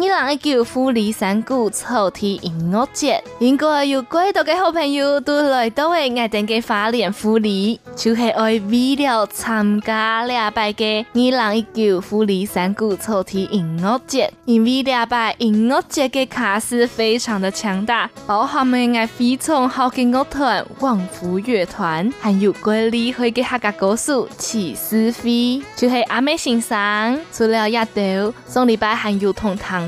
二零一九，富麗山谷草地音樂節，有鬼多的好朋友來都來到我愛聽嘅花蓮富麗，就係愛 V 聊參加兩百嘅二零一九，富麗山谷草地音樂節，因為兩擺音樂節嘅卡司非常的強大，包含嘅愛非常好的樂團、旺福樂團，還有最厲害嘅客家歌手齊思飛，就係阿妹先生。除了亞都，送禮拜還有同堂。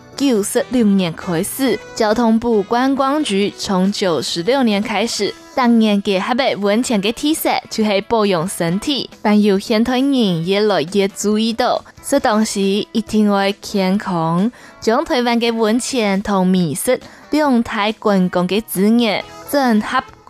九十六年開始，交通部觀光局從九十六年開始，當年給黑白溫泉嘅特色，就是保養身體，朋有現代人越來越注意到，食東西一定要健康，將台灣嘅溫泉同美食兩台觀光嘅資源整合。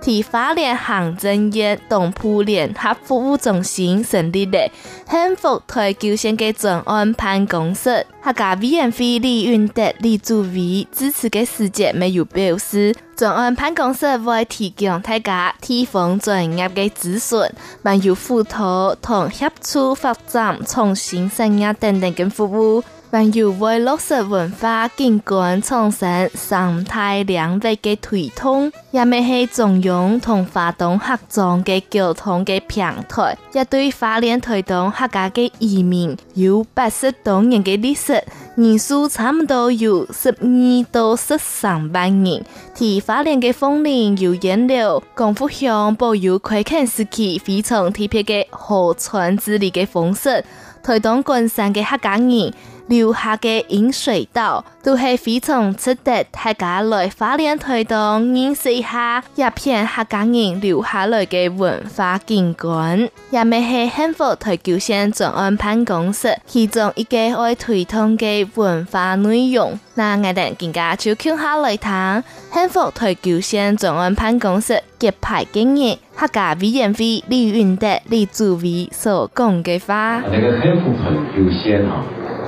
提法聯行政院東部聯合服務中心成立的，幸福台九線嘅專案辦公室，他家 VNF 利潤得李祖位，支持嘅時節沒有表示。專案辦公室會提供大家提供專業的諮詢，還有輔導同協助發展創新生意等等嘅服務。還有為落實文化、景觀、創新、生態、兩維嘅推動，也咪係作用同花東客莊嘅交通嘅平台。一對花蓮推動客家嘅移民有八十多年嘅歷史，年數差唔多有十二到十三萬年。對花蓮嘅風鈴有引流，功夫向保有開墾時期非常特別嘅河川治理嘅方式，推動關山嘅客家人。留下嘅飲水道，都係非常值得大家來發揚推動認識一下，一片客家人留下來嘅文化景觀。也未係幸福台球縣轉安辦公室其中一個推動的文化內容。那我哋今家就接下來談幸福台球縣轉安辦公室揭牌經驗，客家委員會李永得、李主委所講嘅話。那個幸福台舊縣啊。